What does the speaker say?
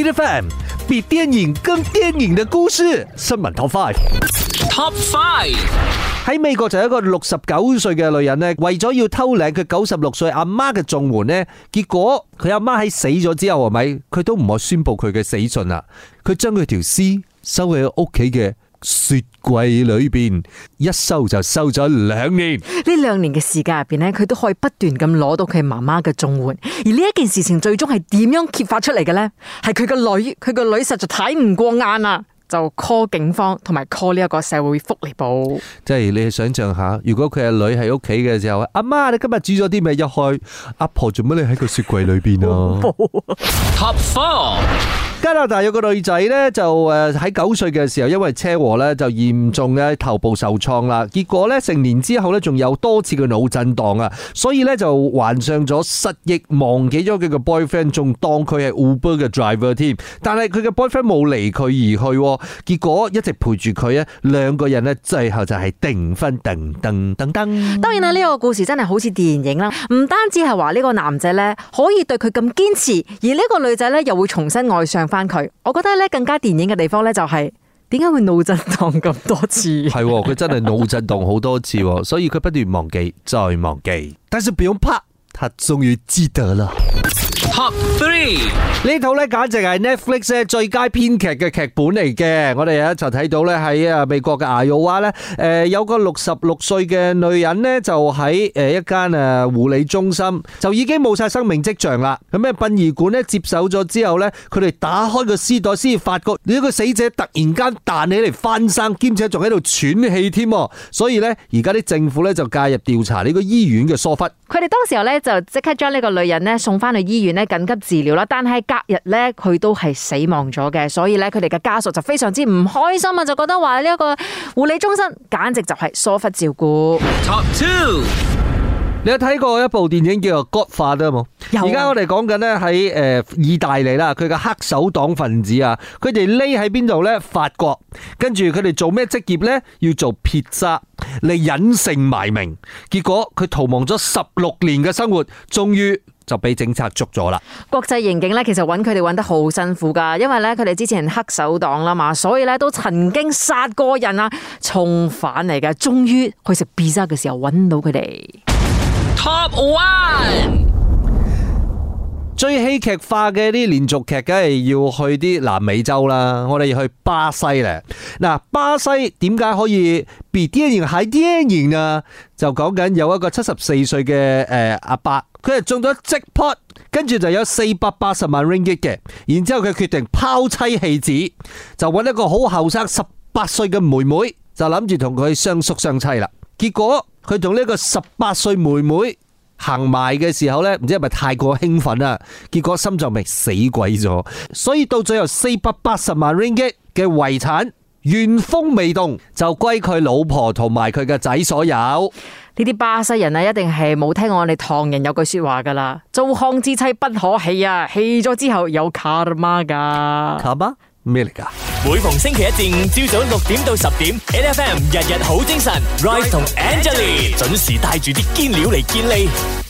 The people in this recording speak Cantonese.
the F. a M. 比電影更電影的故事。新聞 Top Five。Top Five 喺美國就有一個六十九歲嘅女人呢，為咗要偷領佢九十六歲阿媽嘅綜援呢，結果佢阿媽喺死咗之後係咪？佢都唔可宣佈佢嘅死訊啦，佢將佢條屍收喺屋企嘅。雪櫃裏邊一收就收咗兩年，呢兩年嘅時間入邊呢，佢都可以不斷咁攞到佢媽媽嘅綜援，而呢一件事情最終係點樣揭發出嚟嘅呢？係佢個女，佢個女實在睇唔過眼啊！就 call 警方同埋 call 呢一個社會福利部，即係你想象下，如果佢個女喺屋企嘅時候，阿媽你今日煮咗啲咩一開，阿婆做乜你喺個雪櫃裏邊啊？Top 加拿大有個女仔咧，就誒喺九歲嘅時候，因為車禍咧就嚴重嘅頭部受創啦，結果咧成年之後咧仲有多次嘅腦震盪啊，所以咧就患上咗失憶，忘記咗佢個 boyfriend，仲當佢係 Uber 嘅 driver 添，但係佢嘅 boyfriend 冇離佢而去。結果一直陪住佢啊，兩個人咧最後就係訂婚，噔噔，登登。當然啦，呢、呢個故事真係好似電影啦。唔單止係話呢個男仔咧可以對佢咁堅持，而呢個女仔咧又會重新愛上翻佢。我覺得咧更加電影嘅地方咧就係點解會腦震盪咁多次？係、 哦，佢真係腦震盪好多次，所以佢不斷忘記，再忘記。 但是不用怕，他終於知得啦。Top Three 呢套咧，簡直係 Netflix 咧最佳編劇嘅劇本嚟嘅。我哋有一集睇到咧，喺啊美國嘅亞路瓦咧，誒有個六十六歲嘅女人咧，就喺誒一間誒護理中心就已經冇晒生命跡象啦。咁咧殯儀館咧接手咗之後咧，佢哋打開個屍袋先至發覺呢個死者突然間彈起嚟翻生，兼且仲喺度喘氣添。所以咧，而家啲政府咧就介入調查呢個醫院嘅疏忽。佢哋當時候咧就即刻將呢個女人咧送翻去醫院。咧緊急治療啦，但係隔日咧佢都係死亡咗嘅，所以咧佢哋嘅家屬就非常之唔開心啊，就覺得話呢一個護理中心簡直就係疏忽照顧。Top two. 你有睇過一部電影叫做《Godfather》啊？冇，而家我哋講緊咧喺誒，意大利啦，佢嘅黑手黨分子啊，佢哋匿喺邊度咧？法國，跟住佢哋做咩職業咧？要做撇渣嚟，隱姓埋名，結果佢逃亡咗十六年嘅生活，終於就俾警察捉咗啦。國際刑警咧，其實揾佢哋揾得好辛苦噶，因為咧佢哋之前黑手黨啦嘛，所以咧都曾經殺過人啊，重犯嚟嘅，終於去食撇渣嘅時候揾到佢哋。Top One 最戲劇化嘅一啲連續劇，梗係要去啲南美洲啦。我哋要去巴西咧。嗱，巴西點解可以 B D N A D N 啊？就講緊有一個七十四歲嘅誒阿伯，佢係中咗 jackpot，跟住就有四百八十萬 ringgit 嘅。然之後佢決定拋妻棄子，就搵一個好後生十八歲嘅妹妹，就諗住同佢相宿相妻啦。結果。佢同呢個十八歲妹妹行埋嘅時候呢，唔知係咪太過興奮啦，結果心臟病死鬼咗，所以到最後四百八十萬 ringgit 嘅遺產原封未動，就歸佢老婆同埋佢嘅仔所有。呢啲巴西人啊，一定係冇聽過我哋唐人有句說話噶啦，糟糠之妻不可棄啊，棄咗之後有卡瑪噶，卡瑪咩嚟噶？每逢星期一至五朝早六點到十點，N F M 日日好精神 Rice 同 Angelie 準時帶住啲堅料嚟見你。